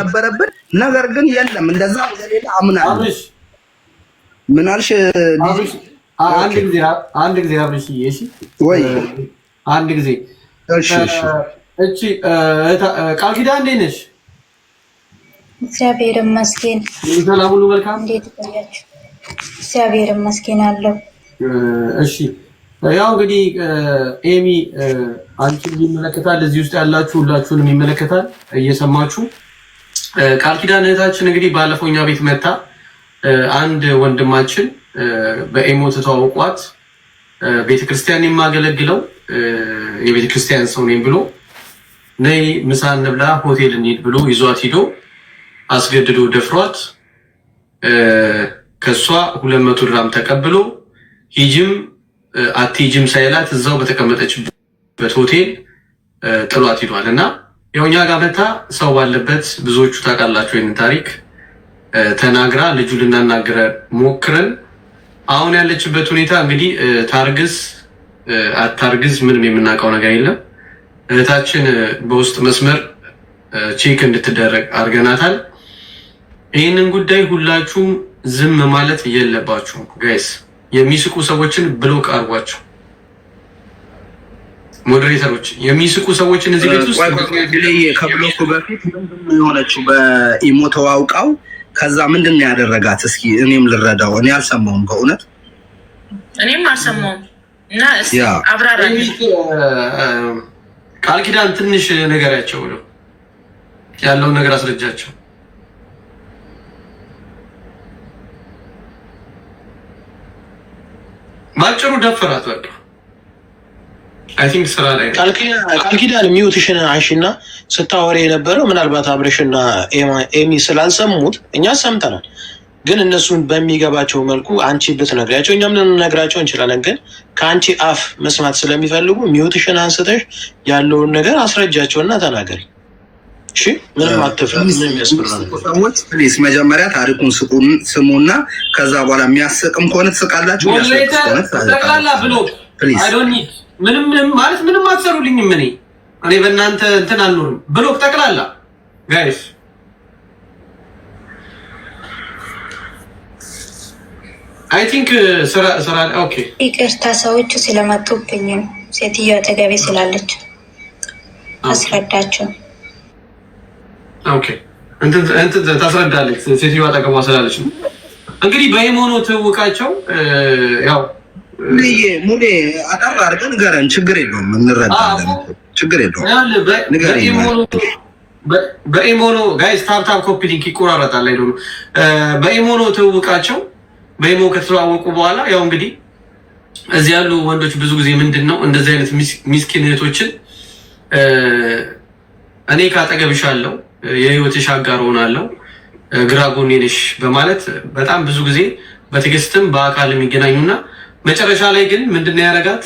ነበረብን። ነገር ግን የለም እንደዛ ሌላ አምና ምናልሽ አንድ ጊዜ አንድ ጊዜ አብርሽዬ፣ እሺ ወይ አንድ ጊዜ እሺ፣ ቃል ኪዳን እንዴት ነሽ? እግዚአብሔር ይመስገን። ሰላም ሁሉ መልካም። እንዴት ቆያችሁ? እግዚአብሔር ይመስገን አለው። እሺ፣ ያው እንግዲህ ኤሚ አንቺን ይመለከታል፣ እዚህ ውስጥ ያላችሁ ሁላችሁንም ይመለከታል፣ እየሰማችሁ ቃል ኪዳን እህታችን እንግዲህ ባለፈው እኛ ቤት መታ አንድ ወንድማችን በኤሞ ተዋውቋት ቤተክርስቲያን የማገለግለው የቤተክርስቲያን ሰው ነኝ ብሎ ነይ ምሳ እንብላ ሆቴል እንሂድ ብሎ ይዟት ሂዶ አስገድዶ ደፍሯት ከእሷ ሁለት መቶ ድራም ተቀብሎ ሂጅም አትሂጅም ሳይላት እዛው በተቀመጠችበት ሆቴል ጥሏት ሂዷል እና የውኛ ጋበታ ሰው ባለበት ብዙዎቹ ታውቃላቸው ይህን ታሪክ ተናግራ ልጁ ልናናግረ ሞክረን አሁን ያለችበት ሁኔታ እንግዲህ ታርግዝ አታርግዝ ምንም የምናውቀው ነገር የለም። እህታችን በውስጥ መስመር ቼክ እንድትደረግ አድርገናታል። ይህንን ጉዳይ ሁላችሁም ዝም ማለት የለባችሁም ጋይስ። የሚስቁ ሰዎችን ብሎክ አድርጓቸው። ሞዴሬተሮች የሚስቁ ሰዎች እነዚህ ቤት ውስጥ ከብሎኩ በፊት የሆነችው በኢሞ ተዋውቃው ከዛ ምንድን ነው ያደረጋት? እስኪ እኔም ልረዳው። እኔ አልሰማውም በእውነት እኔም አልሰማውም። እና አብራራ ቃል ኪዳን ትንሽ ንገሪያቸው ነው ያለውን ነገር አስረጃቸው። ባጭሩ ደፍራት በቃ ቃል ኪዳን ሚውትሽን አንሺና ስታወሪ የነበረው ምናልባት አብረሽና ኤሚ ስላልሰሙት እኛ ሰምተናል፣ ግን እነሱን በሚገባቸው መልኩ አንቺ ብትነግሪያቸው እኛም ልንነግራቸው እንችላለን። ግን ከአንቺ አፍ መስማት ስለሚፈልጉ ሚውትሽን አንስተሽ ያለውን ነገር አስረጃቸውና ተናገሪ። እሺ፣ ምንም አትፍራ። መጀመሪያ ታሪኩን ስሙና ከዛ በኋላ የሚያስቅም ከሆነ ትስቃላችሁ። ምንም ምንም ማለት ምንም አትሰሩልኝም። እኔ እኔ በእናንተ እንትን አልኖርም። ብሎክ ጠቅላላ ጋይስ አይ ቲንክ ስራ ስራ ኦኬ። ይቅርታ ሰዎቹ ስለመጡብኝ ሴትዮ ሴትዮዋ አጠገቤ ስላለች አስረዳቸው። ኦኬ እንትን ታስረዳለች። ሴትዮዋ አጠገቧ ስላለች እንግዲህ በሃይማኖት ትውቃቸው ያው ሙሌ ሙሌ አጠር አድርገን ንገረን። ችግር የለውም እንረዳለን። ችግር የለውም በኢሞኖ ጋይስ ታብታብ ኮፒ ሊንክ ይቆራረጣል። ላይ ደግሞ በኢሞኖ ትውውቃቸው በኢሞ ከተዋወቁ በኋላ ያው እንግዲህ እዚህ ያሉ ወንዶች ብዙ ጊዜ ምንድን ነው እንደዚህ አይነት ሚስኪን እህቶችን እኔ ካጠገብሻለሁ፣ የህይወትሽ አጋር ሆናለሁ፣ ግራ ጎኔ ነሽ በማለት በጣም ብዙ ጊዜ በትዕግስትም በአካል የሚገናኙና መጨረሻ ላይ ግን ምንድነው ያደርጋት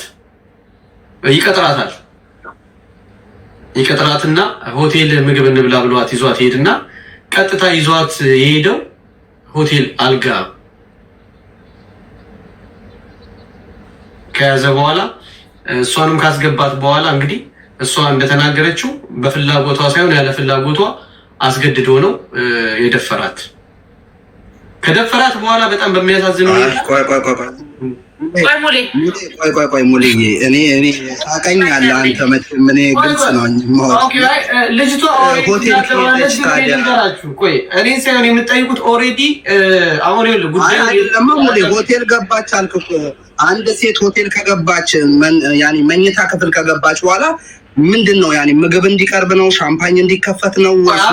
ይቀጥራታል። ይቀጥራትና ሆቴል ምግብ እንብላ ብሏት ይዟት ይሄድና ቀጥታ ይዟት የሄደው ሆቴል አልጋ ከያዘ በኋላ እሷንም ካስገባት በኋላ እንግዲህ እሷ እንደተናገረችው በፍላጎቷ ሳይሆን ያለ ፍላጎቷ አስገድዶ ነው የደፈራት። ከደፈራት በኋላ በጣም በሚያሳዝን ቆይ ቆይ ቆይ ሙልዬ እኔ እኔ አንተ መቼም እኔ ግልጽ ነው ሆቴል ሆቴል ገባች አንድ ሴት ሆቴል ከገባች ያኔ መኝታ ክፍል ከገባች በኋላ ምንድን ነው ያኔ ምግብ እንዲቀርብ ነው ሻምፓኝ እንዲከፈት ነው ወይስ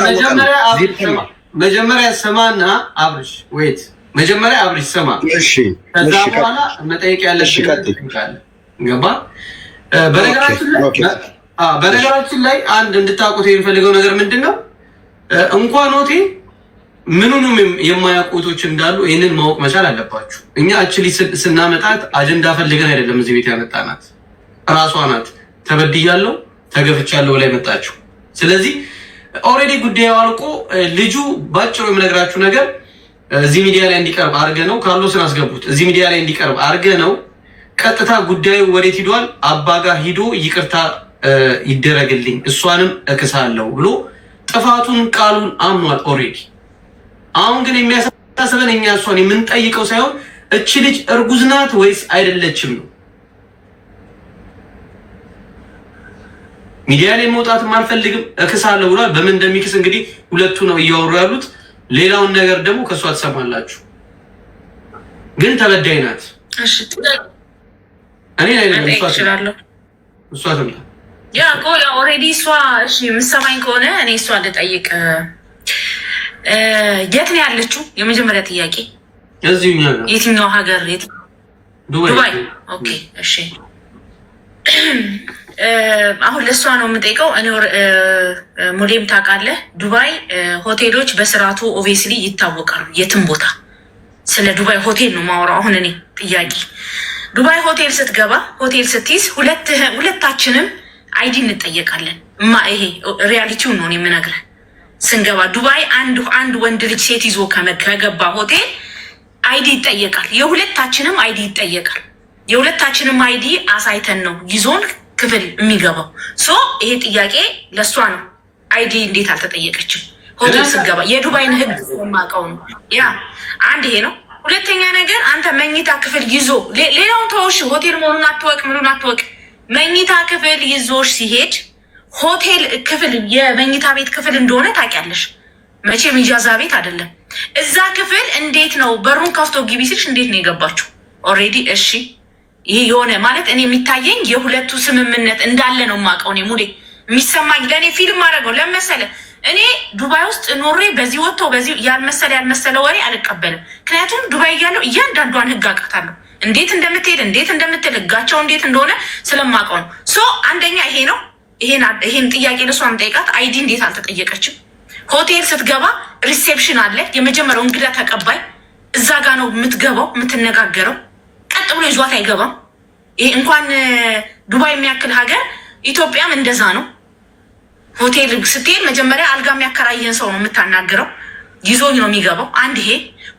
ምንድን ነው መጀመሪያ ስማና አብርሽ ወይት መጀመሪያ አብርሽ ስማ፣ ከዛ በኋላ መጠየቅ ያለብህ ገባ። በነገራችን ላይ አንድ እንድታውቁት የሚፈልገው ነገር ምንድን ነው፣ እንኳን ሆቴ ምኑንም የማያውቁቶች እንዳሉ ይህንን ማወቅ መቻል አለባችሁ። እኛ አችሊ ስናመጣት አጀንዳ ፈልገን አይደለም እዚህ ቤት ያመጣናት እራሷ ናት። ተበድያለሁ ተገፍቻለሁ ብላ የመጣችሁ ስለዚህ ኦልሬዲ ጉዳዩ አልቆ ልጁ ባጭሩ የምነግራችሁ ነገር እዚህ ሚዲያ ላይ እንዲቀርብ አድርገ ነው ካርሎስን አስገቡት። እዚህ ሚዲያ ላይ እንዲቀርብ አድርገ ነው። ቀጥታ ጉዳዩ ወዴት ሂዷል? አባ ጋር ሂዶ ይቅርታ ይደረግልኝ እሷንም እክሳለሁ ብሎ ጥፋቱን ቃሉን አምኗል ኦልሬዲ። አሁን ግን የሚያሳስበን እኛ እሷን የምንጠይቀው ሳይሆን እች ልጅ እርጉዝ ናት ወይስ አይደለችም ነው። ሚዲያ ላይ መውጣትም አልፈልግም እክሳለሁ ብሏል። በምን እንደሚክስ እንግዲህ ሁለቱ ነው እያወሩ ያሉት። ሌላውን ነገር ደግሞ ከእሷ ትሰማላችሁ። ግን ተበዳይ ናት። እኔ እሷ ትምጣ። ያ እኮ ያው ኦልሬዲ እሷ እሺ የምትሰማኝ ከሆነ እኔ እሷ ልጠይቅ። የት ነው ያለችው? የመጀመሪያ ጥያቄ እዚሁ የትኛው ሀገር? ዱባይ። ኦኬ እሺ አሁን ለእሷ ነው የምጠይቀው። እኔ ሙሌም ታውቃለህ፣ ዱባይ ሆቴሎች በስርዓቱ ኦቪየስሊ ይታወቃሉ። የትም ቦታ ስለ ዱባይ ሆቴል ነው የማወራው። አሁን እኔ ጥያቄ ዱባይ ሆቴል ስትገባ ሆቴል ስትይዝ ሁለታችንም አይዲ እንጠየቃለን። እማ ይሄ ሪያሊቲው ነው የምነግረ ስንገባ ዱባይ አንድ አንድ ወንድ ልጅ ሴት ይዞ ከገባ ሆቴል አይዲ ይጠየቃል። የሁለታችንም አይዲ ይጠየቃል። የሁለታችንም አይዲ አሳይተን ነው ይዞን ክፍል የሚገባው። ሶ ይሄ ጥያቄ ለእሷ ነው። አይዲ እንዴት አልተጠየቀችም? ሆቴል ስገባ የዱባይን ህግ የማውቀው ነው። ያ አንድ ይሄ ነው። ሁለተኛ ነገር አንተ መኝታ ክፍል ይዞ ሌላውን ተወሽ፣ ሆቴል መሆኑን አትወቅ፣ ምኑን አትወቅ። መኝታ ክፍል ይዞሽ ሲሄድ ሆቴል ክፍል የመኝታ ቤት ክፍል እንደሆነ ታውቂያለሽ። መቼም ኢጃዛ ቤት አይደለም። እዛ ክፍል እንዴት ነው በሩን ከፍቶ ግቢ ሲልሽ እንዴት ነው የገባችሁ? ኦልሬዲ እሺ ይህ የሆነ ማለት እኔ የሚታየኝ የሁለቱ ስምምነት እንዳለ ነው የማውቀው። እኔ የሚሰማኝ ለእኔ ፊልም አድረገው ለመሰለ እኔ ዱባይ ውስጥ ኖሬ በዚህ ወጥቶ በዚህ ያልመሰለ ያልመሰለ ወሬ አልቀበልም። ምክንያቱም ዱባይ እያለው እያንዳንዷን ህግ አውቃታለሁ፣ እንዴት እንደምትሄድ እንዴት እንደምትል ህጋቸው እንዴት እንደሆነ ስለማውቀው ነው። ሶ አንደኛ ይሄ ነው። ይሄን ጥያቄ ለሷም ጠይቃት። አይዲ እንዴት አልተጠየቀችም? ሆቴል ስትገባ ሪሴፕሽን አለ፣ የመጀመሪያው እንግዳ ተቀባይ እዛ ጋ ነው የምትገባው የምትነጋገረው ቀጥ ብሎ ይዟት አይገባም። ይሄ እንኳን ዱባይ የሚያክል ሀገር ኢትዮጵያም እንደዛ ነው። ሆቴል ስትሄድ መጀመሪያ አልጋ የሚያከራየን ሰው ነው የምታናግረው። ይዞኝ ነው የሚገባው። አንድ ይሄ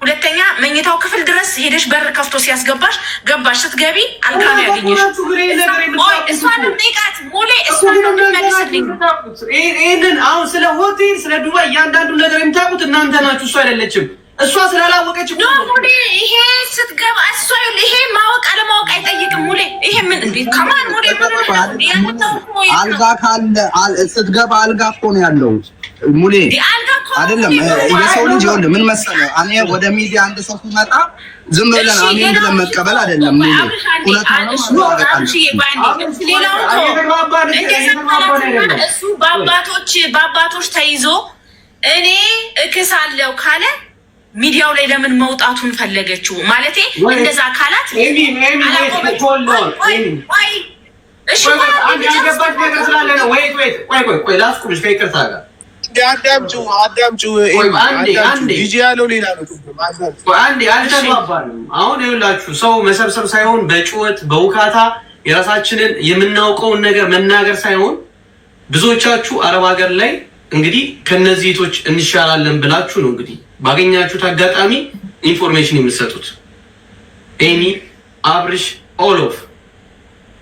ሁለተኛ መኝታው ክፍል ድረስ ሄደሽ በር ከፍቶ ሲያስገባሽ ገባሽ። ስትገቢ አልጋ ያገኘሽ ጥቃት ሙሌ ይህንን አሁን ስለ ሆቴል ስለ ዱባይ እያንዳንዱ ነገር የምታውቁት እናንተ ናችሁ፣ እሱ አይደለችም። እሷ ስላላወቀች ሙሌ። ይሄ ስትገባ እሷ ይሄ ማወቅ አለማወቅ አይጠይቅም። ሙሌ ይሄ ምን ከማን ሙሌ አልጋ ካለ ስትገባ አልጋ እኮ ነው ያለው ሙሌ። አይደለም የሰው ልጅ ይኸውልህ፣ ምን መሰለህ፣ እኔ ወደ ሚዲያ አንድ ሰው ሲመጣ ዝም ብለን አሜን ብለን መቀበል አይደለም እሱ በአባቶች በአባቶች ተይዞ እኔ አለው ካለ ሚዲያው ላይ ለምን መውጣቱን ፈለገችው? ማለት እንደዛ አካላት አሁን ይኸውላችሁ ሰው መሰብሰብ ሳይሆን በጩኸት በውካታ የራሳችንን የምናውቀውን ነገር መናገር ሳይሆን ብዙዎቻችሁ አረብ ሀገር ላይ እንግዲህ ከነዚህ ቶች እንሻላለን ብላችሁ ነው እንግዲህ ባገኛችሁት አጋጣሚ ኢንፎርሜሽን የምትሰጡት ኤኒ አብርሽ ኦሎፍ።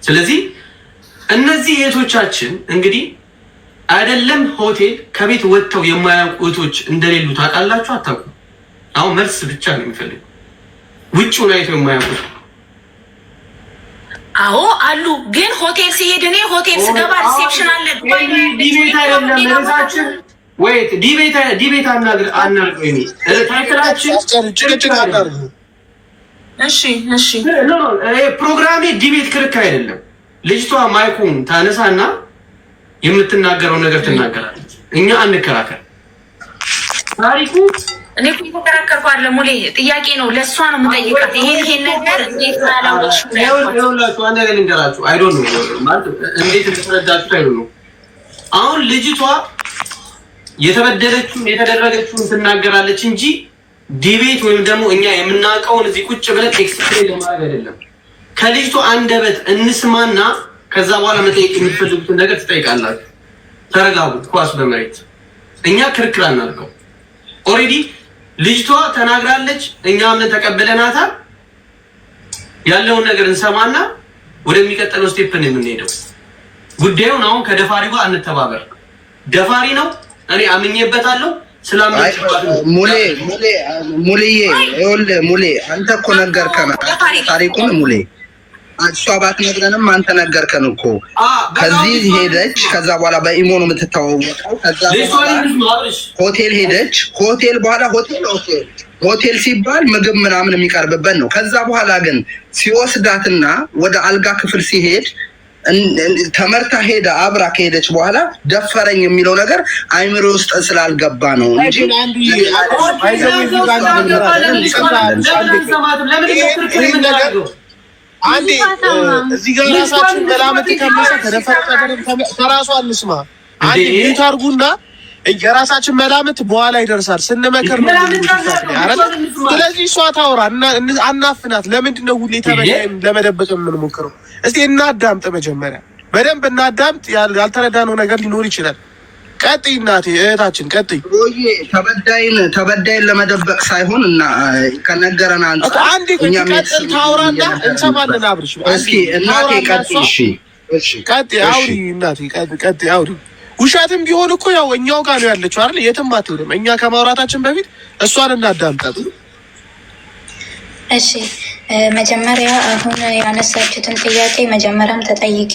ስለዚህ እነዚህ እህቶቻችን እንግዲህ አይደለም ሆቴል ከቤት ወጥተው የማያውቁ እህቶች እንደሌሉ ታውቃላችሁ አታውቁም? አሁን መልስ ብቻ ነው የሚፈልገው። ውጭውን አይተው የማያውቁት አዎ አሉ። ግን ሆቴል ሲሄድ እኔ ሆቴል ስገባ ሪሴፕሽን አለ ቤት አይደለም ወይ ዲቤት ዲቤት አናግር አናግር ወይ ታይትላችን ጭቅጭቅ አናግር። እሺ እሺ፣ ኖ ኖ፣ ፕሮግራሜ ዲቤት ክርክ አይደለም። ልጅቷ ማይኩን ታነሳና የምትናገረው ነገር ትናገራለች። እኛ አንከራከር። ታሪኩ እኔ እኮ የተከራከርኩ አይደለም። ሙሌ ጥያቄ ነው፣ ለእሷ ነው የምጠይቃት። ይሄን ይሄን ነገር እንዴት ላላወቅሽ ሁላችሁ አንድ ነገር ልንገራችሁ። ዶንት ኖ ማለት እንዴት ልትረዳችሁ አይዶ ነው አሁን ልጅቷ የተበደለችውም የተደረገችውን ትናገራለች እንጂ ዲቤት ወይም ደግሞ እኛ የምናውቀውን እዚህ ቁጭ ብለን ኤክስፕሌን ለማድረግ አይደለም። ከልጅቱ አንደበት እንስማና ከዛ በኋላ መጠየቅ የምትፈልጉትን ነገር ትጠይቃላችሁ። ተረጋጉ። ኳስ በመሬት እኛ ክርክር አናልቀው። ኦልሬዲ ልጅቷ ተናግራለች፣ እኛ አምነን ተቀብለናታል። ያለውን ነገር እንሰማና ወደሚቀጥለው ስቴፕን የምንሄደው ጉዳዩን አሁን ከደፋሪ ጋር አንተባበር። ደፋሪ ነው እኔ አምኜበታለሁ። ሙሌዬ ይኸውልህ፣ ሙሌ አንተ እኮ ነገርከን ታሪኩን። ሙሌ እሷ ባትነግረንም አንተ ነገርከን እኮ። ከዚህ ሄደች፣ ከዛ በኋላ በኢሞ ነው የምትተዋወቀው። ከዛ ሆቴል ሄደች። ሆቴል በኋላ ሆቴል ሆቴል ሲባል ምግብ ምናምን የሚቀርብበት ነው። ከዛ በኋላ ግን ሲወስዳትና ወደ አልጋ ክፍል ሲሄድ ተመርታ ሄደ አብራ ከሄደች በኋላ ደፈረኝ የሚለው ነገር አይምሮ ውስጥ ስላልገባ ነው እንጂ አንዴ እዚህ ጋር ራሳችን ገላመት ከራሷ እንስማ። አንዴ ሚዩት አድርጉና የራሳችን መላምት በኋላ ይደርሳል። ስንመከር ስለዚህ እሷ ታውራ አናፍናት። ለምንድን ነው ሁሌ ለመደበቅ የምንሞክረው? እስቲ እናዳምጥ። መጀመሪያ በደንብ እናዳምጥ። ያልተረዳነው ነገር ሊኖር ይችላል። ቀጥይ እናቴ፣ እህታችን ቀጥይ። ተበዳይን ተበዳይን ለመደበቅ ሳይሆን እና ከነገረን አንጻር አንዴ ቀጥል ታውራና እንሰማለን። አብርሽ እስኪ እናቴ ቀጥይ። እሺ አውሪ እናቴ ቀጥይ፣ አውሪ ውሻትም ቢሆን እኮ ያው እኛው ጋር ነው ያለችው አይደል? የትም አትሄድም። እኛ ከማውራታችን በፊት እሷን እናዳምጣት። እሺ መጀመሪያ አሁን ያነሳችሁትን ጥያቄ መጀመሪያም ተጠይቄ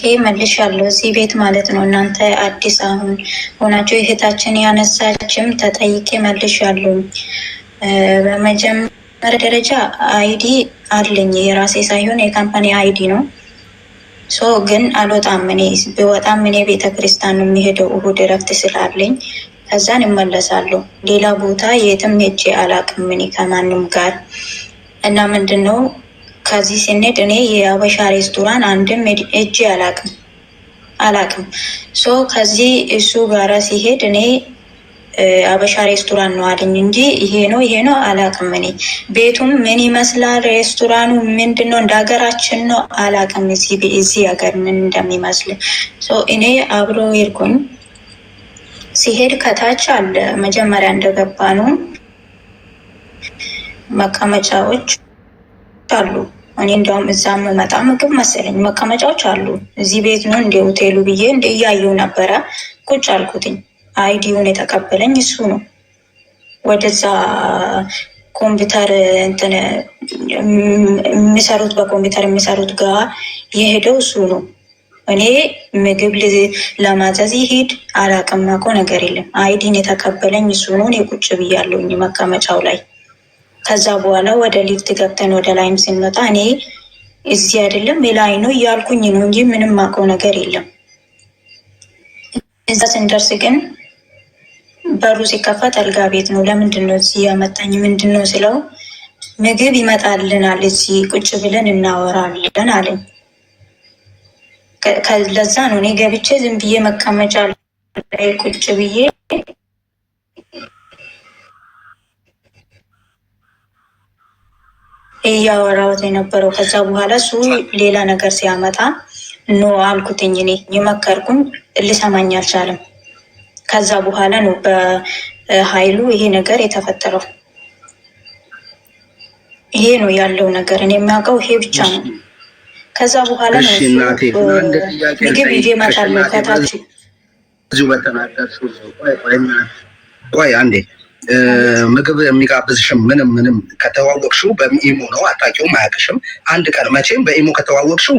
ያለው እዚህ ቤት ማለት ነው። እናንተ አዲስ አሁን ሆናችሁ እህታችን ያነሳችም ተጠይቄ ያለው በመጀመሪያ ደረጃ አይዲ አለኝ የራሴ ሳይሆን የካምፓኒ አይዲ ነው። ሶ ግን አልወጣም። እኔ ብወጣም እኔ ቤተ ክርስቲያን ነው የሚሄደው እሁድ እረፍት ስላለኝ ከዛን ይመለሳሉ። ሌላ ቦታ የትም ሄጄ አላቅም እኔ ከማንም ጋር እና ምንድን ነው ከዚህ ስንሄድ እኔ የአበሻ ሬስቶራንት አንድም ሄጄ አላቅም አላቅም ሶ ከዚህ እሱ ጋራ ሲሄድ እኔ አበሻ ሬስቶራንት ነው አለኝ እንጂ ይሄ ነው ይሄ ነው አላቅም። እኔ ቤቱም ምን ይመስላል ሬስቶራኑ ምንድን ነው እንደ ሀገራችን ነው አላቅም። እዚህ ሀገር ምን እንደሚመስል እኔ አብሮ ሄድኩኝ። ሲሄድ ከታች አለ መጀመሪያ እንደገባ ነው መቀመጫዎች አሉ። እኔ እንዲያውም እዛ መመጣ ምግብ መሰለኝ መቀመጫዎች አሉ። እዚህ ቤት ነው እንደ ሆቴሉ ብዬ እንደ እያየው ነበረ ቁጭ አልኩትኝ። አይዲውን የተቀበለኝ እሱ ነው። ወደዛ ኮምፒውተር እንትን የሚሰሩት በኮምፒውተር የሚሰሩት ጋር የሄደው እሱ ነው። እኔ ምግብ ለማዘዝ ይሄድ አላቅም እኮ ነገር የለም። አይዲን የተቀበለኝ እሱ ነው። እኔ ቁጭ ብያለሁኝ መቀመጫው ላይ። ከዛ በኋላ ወደ ሊፍት ገብተን ወደ ላይም ስንመጣ እኔ እዚህ አይደለም ሌላይ ነው እያልኩኝ ነው እንጂ ምንም አውቀው ነገር የለም። እዛ ስንደርስ ግን በሩ ሲከፈት አልጋ ቤት ነው። ለምንድን ነው እዚህ ያመጣኝ ምንድን ነው ስለው ምግብ ይመጣልናል እዚህ ቁጭ ብለን እናወራለን አለኝ። ለዛ ነው እኔ ገብቼ ዝም ብዬ መቀመጫ ላይ ቁጭ ብዬ እያወራሁት የነበረው። ከዛ በኋላ እሱ ሌላ ነገር ሲያመጣ ኖ አልኩትኝ። እኔ የመከርኩኝ ልሰማኝ አልቻለም። ከዛ በኋላ ነው በሀይሉ ይሄ ነገር የተፈጠረው። ይሄ ነው ያለው ነገር። እኔ የሚያውቀው ይሄ ብቻ ነው። ከዛ በኋላ ነው ምግብ ይዤ እመጣለሁ ከታች ብዙ ቆይ አንዴ ምግብ የሚጋብዝሽም ምንም ምንም ከተዋወቅሽው በኢሞ ነው። አታውቂውም፣ አያውቅሽም። አንድ ቀን መቼም በኢሞ ከተዋወቅሽው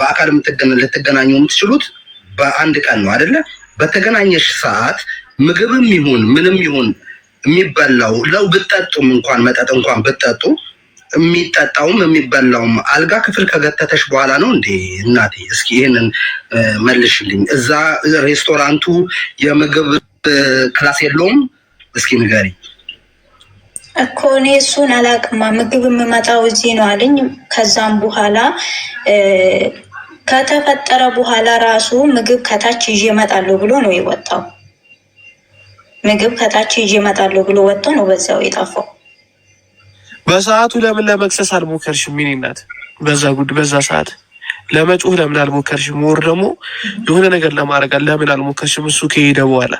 በአካል ልትገናኙ የምትችሉት በአንድ ቀን ነው አይደለ? በተገናኘሽ ሰዓት ምግብም ይሁን ምንም ይሁን የሚበላው ለው ብጠጡም እንኳን መጠጥ እንኳን ብጠጡ የሚጠጣውም የሚበላውም አልጋ ክፍል ከገተተሽ በኋላ ነው እንዴ? እናቴ እስኪ ይህንን መልሽልኝ። እዛ ሬስቶራንቱ የምግብ ክላስ የለውም? እስኪ ንገሪ እኮ እኔ እሱን አላቅማ ምግብ የምመጣው እዚህ ነው አለኝ። ከዛም በኋላ ከተፈጠረ በኋላ ራሱ ምግብ ከታች ይዤ እመጣለሁ ብሎ ነው የወጣው። ምግብ ከታች ይዤ እመጣለሁ ብሎ ወጥቶ ነው በዛው የጠፋው። በሰዓቱ ለምን ለመክሰስ አልሞከርሽም? ምን ይናት በዛ ጉድ በዛ ሰዓት ለመጮህ ለምን አልሞከርሽም? ወር ደግሞ የሆነ ነገር ለማድረግ ለምን አልሞከርሽም? እሱ ከሄደ በኋላ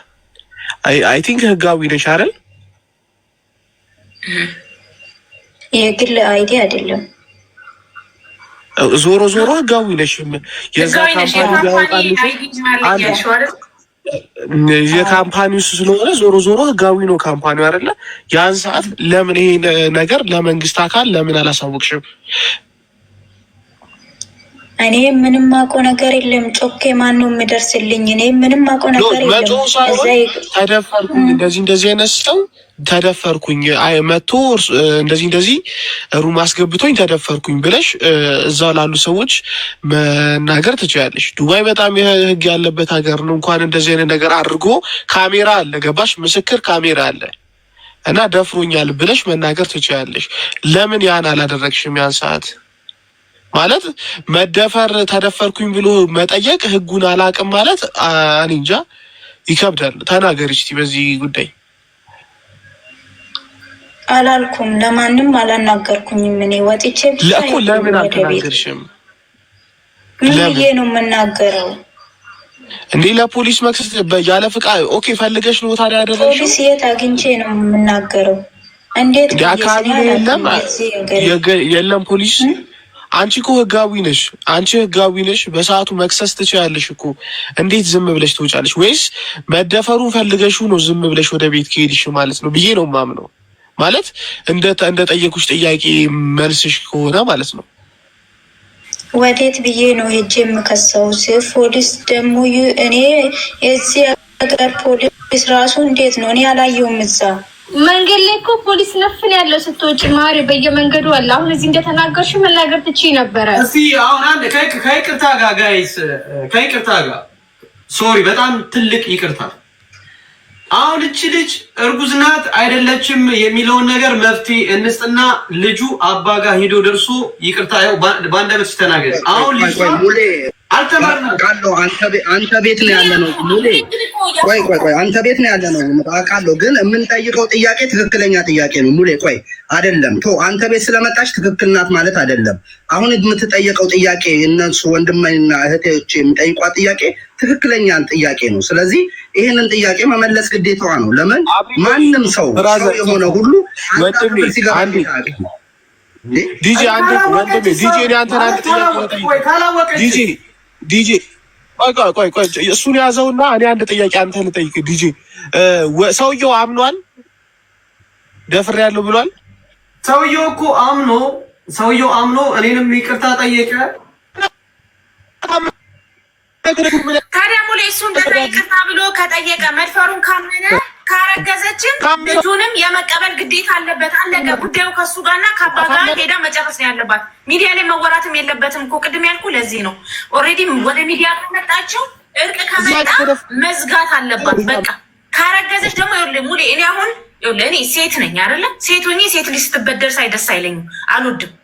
አይ ቲንክ ህጋዊ ነሽ አይደል? የግል አይዲ አይደለም ዞሮ ዞሮ ህጋዊ ነሽም የዛ ካምፓኒ የካምፓኒው ስለሆነ ዞሮ ዞሮ ህጋዊ ነው ካምፓኒው አይደለ? ያን ሰዓት ለምን ይሄ ነገር ለመንግስት አካል ለምን አላሳወቅሽም? እኔ ምንም አቆ ነገር የለም። ጮኬ ማን ነው የሚደርስልኝ? እኔ ምንም አቆ ነገር የለም። ተደፈርኩኝ እንደዚህ እንደዚህ አይነት ሰው ተደፈርኩኝ መጥቶ እንደዚህ እንደዚህ ሩም አስገብቶኝ ተደፈርኩኝ ብለሽ እዛው ላሉ ሰዎች መናገር ትችላለሽ። ዱባይ በጣም ህግ ያለበት ሀገር ነው። እንኳን እንደዚህ አይነት ነገር አድርጎ ካሜራ አለ፣ ገባሽ? ምስክር ካሜራ አለ እና ደፍሮኛል ብለሽ መናገር ትችላለሽ። ለምን ያን አላደረግሽም? ያን ሰዓት ማለት መደፈር ተደፈርኩኝ ብሎ መጠየቅ ህጉን አላቅም ማለት እኔ እንጃ፣ ይከብዳል። ተናገር እስቲ በዚህ ጉዳይ አላልኩም። ለማንም አላናገርኩኝም። እኔ ወጥቼ ብቻ ለምን አልተናገርሽም? ምን ነው የምናገረው? እንዴ ለፖሊስ መክሰስ ያለ ፍቃድ? ኦኬ ፈልገሽ ነው ታዲያ ያደረግሽው? ፖሊስ የት አግኝቼ ነው የምናገረው? እንዴት አካባቢ ነው? የለም የለም ፖሊስ አንቺ እኮ ህጋዊ ነሽ፣ አንቺ ህጋዊ ነሽ። በሰዓቱ መክሰስ ትችያለሽ እኮ እንዴት ዝም ብለሽ ትውጫለሽ? ወይስ መደፈሩን ፈልገሽው ነው ዝም ብለሽ ወደ ቤት ከሄድሽ ማለት ነው ብዬ ነው የማምነው። ማለት እንደ እንደ ጠየቁሽ ጥያቄ መልስሽ ከሆነ ማለት ነው። ወዴት ብዬ ነው ሄጄ የምከሰው? ፖሊስ ደግሞ እኔ የዚህ ሀገር ፖሊስ ራሱ እንዴት ነው? እኔ አላየውም። እዛ መንገድ ላይ እኮ ፖሊስ ነፍን ያለው ስትወጪ ማሪ በየመንገዱ አለ። አሁን እዚህ እንደተናገርሽ መናገር ትቺ ነበረ። እስኪ አሁን አንድ ከይቅርታ ጋር ጋይስ፣ ከይቅርታ ጋር ሶሪ፣ በጣም ትልቅ ይቅርታ አሁን እቺ ልጅ እርጉዝ ናት አይደለችም የሚለውን ነገር መፍትሄ እንስጥና ልጁ አባ ጋር ሂዶ ደርሶ ይቅርታ በአንድ አመት ሲተናገር አሁን ልጅ አውቃለሁ አንተ ቤት ነው ያለ ነው። ቆይ ቆይ ቆይ አንተ ቤት ነው ያለ ነው አውቃለሁ። ግን የምንጠይቀው ጥያቄ ትክክለኛ ጥያቄ ነው። ሙሌ ቆይ አይደለም ቶ አንተ ቤት ስለመጣች ትክክል ናት ማለት አይደለም። አሁን የምትጠየቀው ጥያቄ እነሱ ወንድሜና እህቴዎች የሚጠይቋት ጥያቄ ትክክለኛን ጥያቄ ነው። ስለዚህ ይህንን ጥያቄ መመለስ ግዴታዋ ነው። ለምን ማንም ሰው ሰው የሆነ ሁሉ ዲጂ አንድ ወንድሜ ዲጂ አንተን አንድ ጥያቄ ዲጂ ዲጄ ቆይ ቆይ ቆይ ቆይ እሱን ያዘውና እኔ አንድ ጥያቄ አንተ ልጠይቅ። ዲጄ ሰውየው አምኗል፣ ደፍሬ ያለው ብሏል። ሰውየው እኮ አምኖ ሰውየው አምኖ እኔንም ይቅርታ ጠየቀ። ታዲያ ሙሌ እሱ እንደዛ ይቅርታ ብሎ ከጠየቀ መድፈሩን ካመነ ካረገዘችን ልጁንም የመቀበል ግዴታ አለበት። አለቀ ጉዳዩ ከሱ ጋርና ከአባ ጋር ሄዳ መጨረስ ነው ያለባት። ሚዲያ ላይ መወራትም የለበትም እኮ ቅድም ያልኩ ለዚህ ነው። ኦልሬዲ ወደ ሚዲያ ከመጣችው እርቅ ከመጣ መዝጋት አለባት። በቃ ካረገዘች ደግሞ ሙሌ እኔ አሁን እኔ ሴት ነኝ አይደለ ሴት ሆኜ ሴት ልጅ ስትበደር ሳይደስ አይለኝም፣ አልወድም